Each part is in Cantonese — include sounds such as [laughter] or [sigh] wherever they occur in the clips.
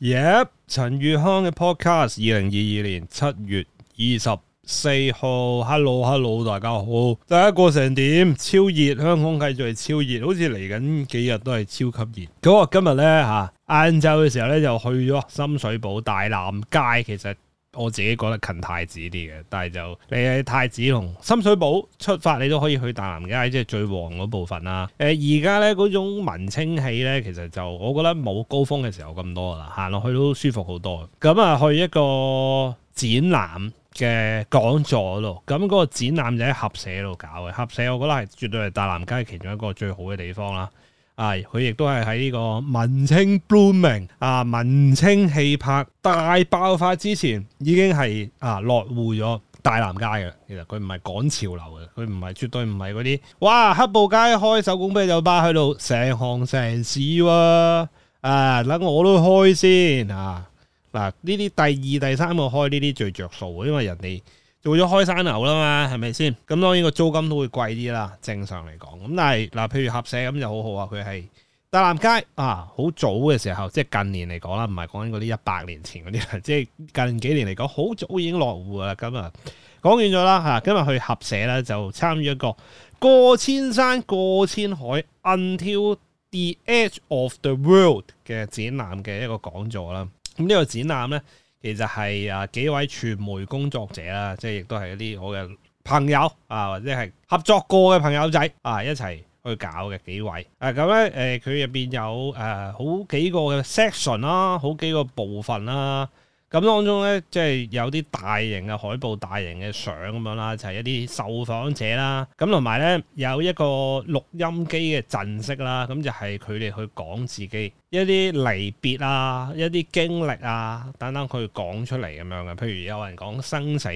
Yep，陳宇康嘅 podcast，二零二二年七月二十四號，Hello，Hello，大家好，大家過成點？超熱，香港繼續係超熱，好似嚟緊幾日都係超級熱。咁我今日呢，吓，晏晝嘅時候呢，就去咗深水埗大南街，其實。我自己覺得近太子啲嘅，但係就你喺太子同深水埗出發，你都可以去大南街，即係最旺嗰部分啦。誒，而家呢嗰種文青氣呢，其實就我覺得冇高峰嘅時候咁多啦，行落去都舒服好多。咁啊，去一個展覽嘅講座度，咁嗰個展覽就喺合社度搞嘅，合社我覺得係絕對係大南街其中一個最好嘅地方啦。係，佢亦都係喺呢個文青 blooming 啊，文青氣魄大爆發之前已經係啊落戶咗大南街嘅。其實佢唔係趕潮流嘅，佢唔係絕對唔係嗰啲哇黑布街開手工啤酒吧去到成行成市喎、啊。啊，嗱我都開先啊，嗱呢啲第二第三個開呢啲最着數嘅，因為人哋。做咗開山樓啦嘛，係咪先？咁當然個租金都會貴啲啦。正常嚟講，咁但係嗱，譬如合社咁就好好啊。佢係大南街啊，好早嘅時候，即係近年嚟講啦，唔係講緊嗰啲一百年前嗰啲人，即係近幾年嚟講，好早已經落戶啦。咁、嗯、啊，講完咗啦嚇，今日去合社咧，就參與一個過千山過千海，until the edge of the world 嘅展覽嘅一個講座啦。咁、嗯、呢、呢個展覽咧。其實係啊幾位傳媒工作者啦，即係亦都係一啲我嘅朋友啊，或者係合作過嘅朋友仔啊，一齊去搞嘅幾位啊咁咧誒，佢入邊有誒、呃、好幾個嘅 section 啦，好幾個部分啦、啊。咁當中咧，即係有啲大型嘅海報、大型嘅相咁樣啦，就係一啲受訪者啦。咁同埋咧，有一個錄音機嘅陣式啦，咁就係佢哋去講自己一啲離別啊、一啲經歷啊等等，佢講出嚟咁樣嘅。譬如有人講生死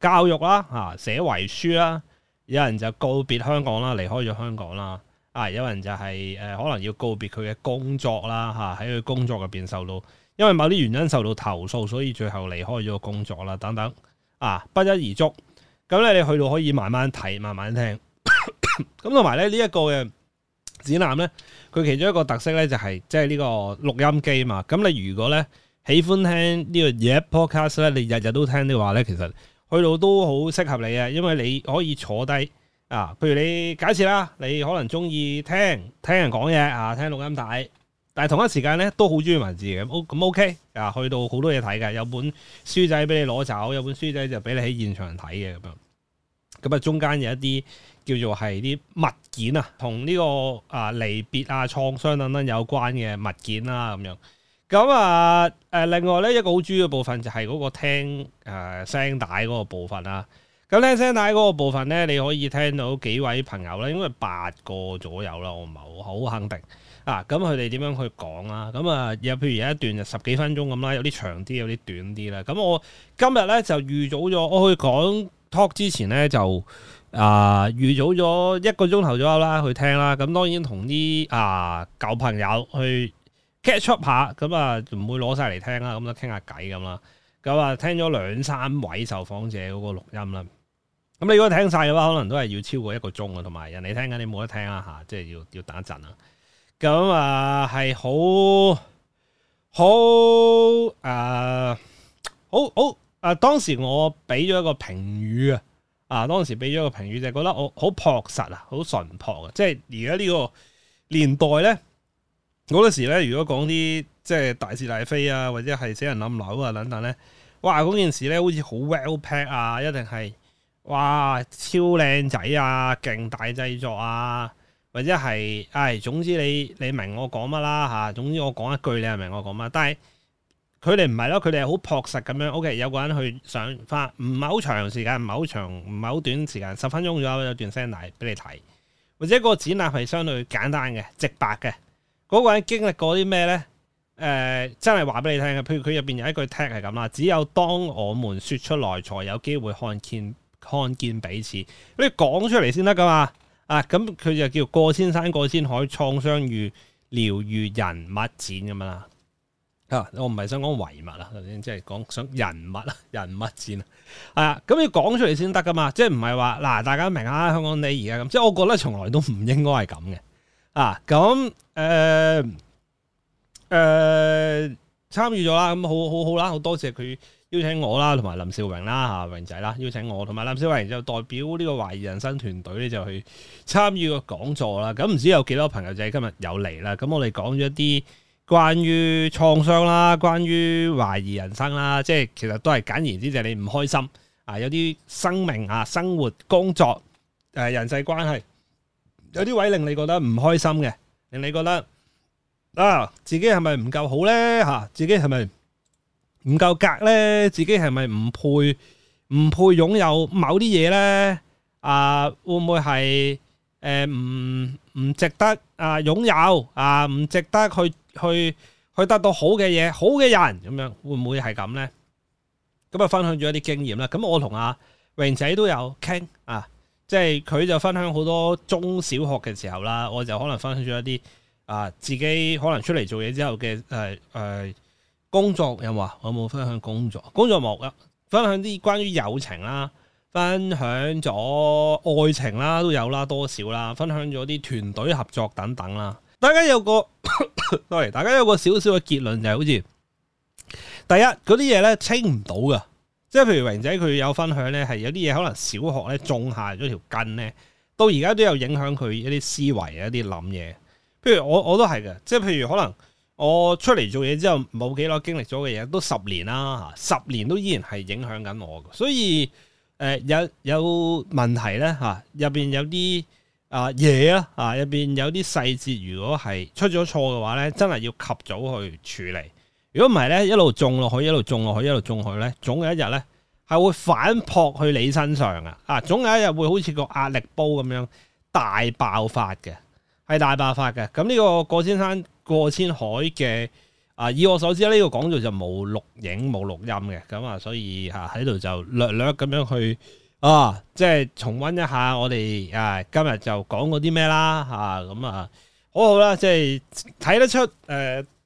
教育啦，嚇寫遺書啦，有人就告別香港啦，離開咗香港啦。啊，有人就係誒，可能要告別佢嘅工作啦，嚇喺佢工作入邊受到，因為某啲原因受到投訴，所以最後離開咗個工作啦，等等啊，不一而足。咁咧，你去到可以慢慢睇，慢慢聽。咁同埋咧， [coughs] 呢一、這個嘅指南咧，佢其中一個特色咧就係即係呢個錄音機嘛。咁你如果咧喜歡聽呢個嘢 podcast 咧，你日日都聽嘅話咧，其實去到都好適合你啊，因為你可以坐低啊。譬如你假設啦，你可能中意聽聽人講嘢啊，聽錄音帶。但係同一時間咧，都好中意文字嘅，O 咁 OK 啊，去到好多嘢睇嘅，有本書仔俾你攞走，有本書仔就俾你喺現場睇嘅咁樣，咁啊中間有一啲叫做係啲物件啊，同呢個啊離別啊創傷等等有關嘅物件啦咁樣，咁啊誒另外咧一個好中意嘅部分就係嗰個聽誒、呃、聲帶嗰個部分啦、啊。咁聽聲帶嗰個部分咧，你可以聽到幾位朋友咧，應該八個左右啦，我唔係好肯定啊。咁佢哋點樣去講啦？咁啊，又譬如有一段就十幾分鐘咁啦，有啲長啲，有啲短啲啦。咁我今日咧就預早咗，我去講 talk 之前咧就啊預早咗一個鐘頭左右啦去聽啦。咁當然同啲啊舊朋友去 catch up 下，咁啊唔會攞晒嚟聽啦，咁就傾下偈咁啦。咁啊聽咗兩三位受訪者嗰個錄音啦。咁你如果聽晒嘅話，可能都係要超過一個鐘啊，同埋人哋聽緊，你冇得聽啊吓，即係要要等一陣啊。咁啊，係好好誒，好好誒，當時我俾咗一個評語啊，啊，當時俾咗一個評語就係覺得我好樸實啊，好淳樸嘅，即係而家呢個年代咧，嗰陣時咧，如果講啲即係大是大非啊，或者係死人冧樓啊等等咧，哇，嗰件事咧好似好 well pack 啊，一定係。哇，超靚仔啊，勁大製作啊，或者係，唉、哎，總之你你明我講乜啦嚇。總之我講一句，你係明我講乜？但係佢哋唔係咯，佢哋係好樸實咁樣。OK，有個人去上翻，唔係好長時間，唔係好長，唔係好短時間，十分鐘左右有一段聲帶俾你睇，或者個展覽係相對簡單嘅、直白嘅。嗰、那個人經歷過啲咩呢？誒、呃，真係話俾你聽嘅，譬如佢入邊有一句 tag 係咁啦，只有當我們說出來，才有機會看見看見彼此，你講出嚟先得噶嘛！啊，咁佢就叫過千山過千海，創傷與、療愈、人物展咁樣啦。啊，我唔係想講遺物啊，頭先即係講想人物啊，人物展。啊，係啊，咁你講出嚟先得噶嘛！即係唔係話嗱，大家明啊？香港你而家咁，即係我覺得從來都唔應該係咁嘅啊！咁誒誒參與咗啦，咁好好好啦，好多謝佢。邀請我啦，同埋林少榮啦嚇，榮仔啦，邀請我同埋林少榮就代表呢個懷疑人生團隊咧，就去參與個講座啦。咁唔知有幾多朋友仔今日有嚟啦。咁我哋講咗一啲關於創傷啦，關於懷疑人生啦，即係其實都係簡言之就係你唔開心啊，有啲生命啊、生活、工作誒、人際關係，有啲位令你覺得唔開心嘅，令你覺得啊，自己係咪唔夠好咧嚇？自己係咪？唔夠格呢？自己係咪唔配？唔配擁有某啲嘢呢？啊，會唔會係誒？唔、呃、唔值得啊？擁有啊？唔值得去去去得到好嘅嘢，好嘅人咁樣，會唔會係咁呢？咁啊，分享咗一啲經驗啦。咁我同阿榮仔都有傾啊，即係佢就分享好多中小學嘅時候啦。我就可能分享咗一啲啊，自己可能出嚟做嘢之後嘅，誒誒。呃工作有啊？我有冇分享工作？工作冇啊！分享啲關於友情啦，分享咗愛情啦，都有啦，多少啦，分享咗啲團隊合作等等啦。大家有個，sorry， [coughs] 大家有個少少嘅結論，就係好似第一嗰啲嘢咧清唔到噶，即係譬如榮仔佢有分享咧，係有啲嘢可能小學咧種下咗條根咧，到而家都有影響佢一啲思維一啲諗嘢。譬如我我都係嘅，即係譬如可能。我出嚟做嘢之後冇幾耐，經歷咗嘅嘢都十年啦，十年都依然係影響緊我嘅。所以誒、呃、有有問題咧吓，入邊有啲啊嘢啦啊，入邊有啲細節如果係出咗錯嘅話咧，真係要及早去處理。如果唔係咧，一路種落去，一路種落去，一路種落去咧，總有一日咧係會反撲去你身上嘅啊，總有一日會好似個壓力煲咁樣大爆發嘅，係大爆發嘅。咁呢個郭先生。過千海嘅啊，以我所知呢、這個講座就冇錄影冇錄音嘅，咁啊，所以吓喺度就略略咁樣去啊，即係重温一下我哋啊今日就講嗰啲咩啦，吓、啊、咁啊，好好啦，即係睇得出誒，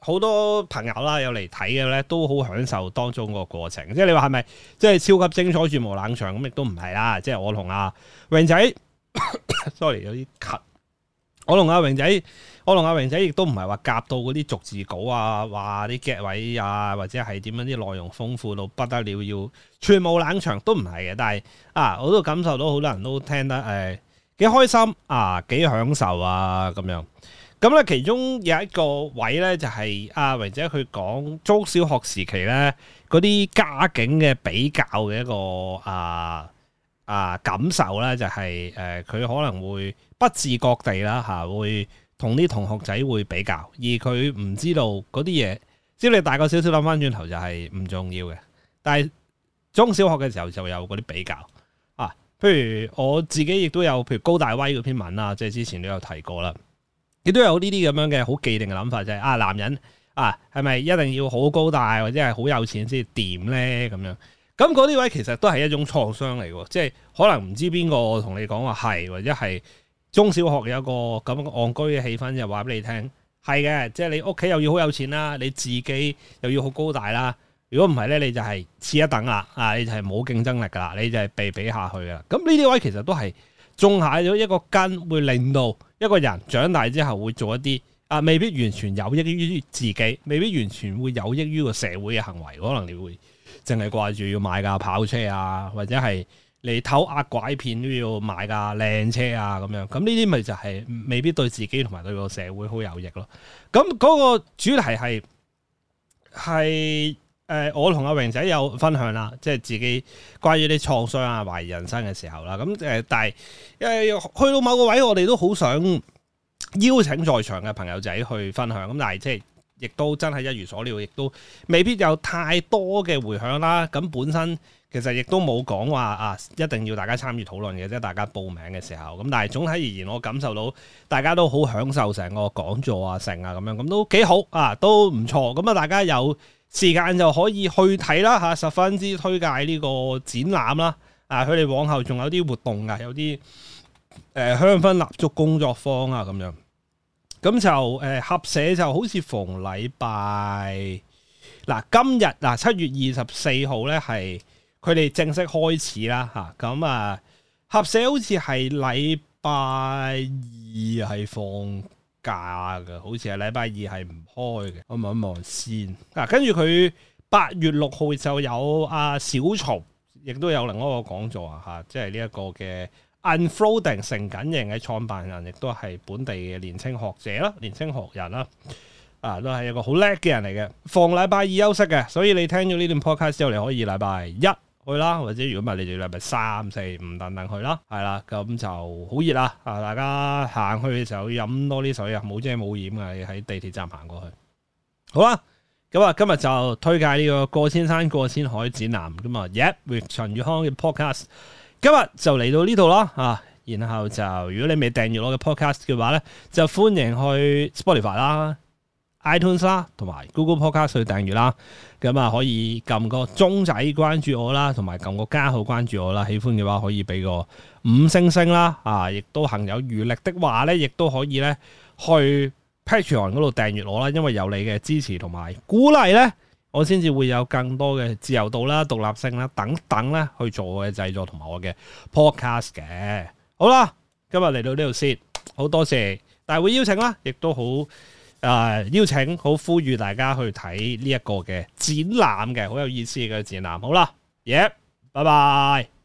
好、呃、多朋友啦，有嚟睇嘅咧都好享受當中個過程。即係你話係咪即係超級精彩絕無冷場咁，亦都唔係啦。即係我同阿榮仔，sorry 有啲咳。 [coughs] [coughs] 我同阿榮仔，我同阿榮仔亦都唔係話夾到嗰啲逐字稿啊，話啲 gag 位啊，或者係點樣啲內容豐富到不得了要，要全無冷場都唔係嘅。但係啊，我都感受到好多人都聽得誒幾、哎、開心啊，幾享受啊咁樣。咁、嗯、咧，其中有一個位咧，就係、是、阿、啊、榮仔佢講中小學時期咧嗰啲家境嘅比較嘅一個啊。啊，感受咧就係、是、誒，佢、呃、可能會不自覺地啦嚇、啊，會同啲同學仔會比較，而佢唔知道嗰啲嘢。只要你大個少少，諗翻轉頭就係唔重要嘅。但係中小學嘅時候就有嗰啲比較啊，譬如我自己亦都有，譬如高大威嗰篇文啊，即係之前都有提過啦，亦都有呢啲咁樣嘅好既定嘅諗法，就係、是、啊男人啊係咪一定要好高大或者係好有錢先掂咧咁樣。咁嗰啲位其實都係一種創傷嚟嘅，即係可能唔知邊個同你講話係，或者係中小學有一個咁戇居嘅氣氛就，就話俾你聽係嘅，即係你屋企又要好有錢啦，你自己又要好高大啦。如果唔係咧，你就係次一等啦，啊，你就係冇競爭力噶啦，你就係被比下去噶啦。咁呢啲位其實都係種下咗一個根，會令到一個人長大之後會做一啲啊，未必完全有益於自己，未必完全會有益於個社會嘅行為，可能你會。淨係掛住要買架跑車啊，或者係你偷呃拐騙都要買架靚車啊，咁樣咁呢啲咪就係未必對自己同埋對個社會好有益咯。咁嗰個主題係係誒，我同阿榮仔有分享啦，即係自己關於啲創傷啊、懷疑人生嘅時候啦。咁誒、呃，但係因為去到某個位，我哋都好想邀請在場嘅朋友仔去分享。咁但係即係。亦都真係一如所料，亦都未必有太多嘅回響啦。咁本身其實亦都冇講話啊，一定要大家參與討論嘅，即係大家報名嘅時候。咁但係總體而言，我感受到大家都好享受成個講座啊、成啊咁樣，咁都幾好啊，都唔錯。咁啊，大家有時間就可以去睇啦嚇、啊，十分之推介呢個展覽啦。啊，佢哋往後仲有啲活動噶、啊，有啲誒、呃、香薰蠟燭工作坊啊咁、啊、樣。咁就誒，合社就好似逢禮拜嗱，今日嗱七、啊、月二十四號咧係佢哋正式開始啦嚇。咁啊，啊合社好似係禮拜二係放假嘅，好似係禮拜二係唔開嘅。我望一望先嗱，跟住佢八月六號就有阿、啊、小曹，亦都有另一個講座啊嚇，即係呢一個嘅。Unfolding 成緊型嘅創辦人，亦都係本地嘅年輕學者啦，年輕學人啦，啊，都係一個好叻嘅人嚟嘅。逢禮拜二休息嘅，所以你聽咗呢段 podcast 之後，你可以禮拜一去啦，或者如果唔係，你哋禮拜三、四、五等等去啦，係啦，咁就好熱啊！啊，大家行去嘅時候飲多啲水啊，冇遮冇掩啊！喺地鐵站行過去，好啦，咁啊，嗯、今日就推介呢個過千山過千海展覽噶嘛，Yep with 陳宇康嘅 podcast。今日就嚟到呢度啦，啊，然後就如果你未訂閱我嘅 podcast 嘅話呢，就歡迎去 Spotify 啦、iTunes 啦，同埋 Google Podcast 去訂閱啦。咁、嗯、啊，可以撳個鐘仔關注我啦，同埋撳個加號關注我啦。喜歡嘅話可以俾個五星星啦，啊，亦都行有餘力的話呢，亦都可以呢去 Patreon 度訂閱我啦。因為有你嘅支持同埋鼓勵呢。我先至會有更多嘅自由度啦、獨立性啦等等咧，去做我嘅製作同埋我嘅 podcast 嘅。好啦，今日嚟到呢度先，好多謝大會邀請啦，亦都好啊、呃，邀請好呼籲大家去睇呢一個嘅展覽嘅，好有意思嘅展覽。好啦，p 拜拜。Yeah, bye bye.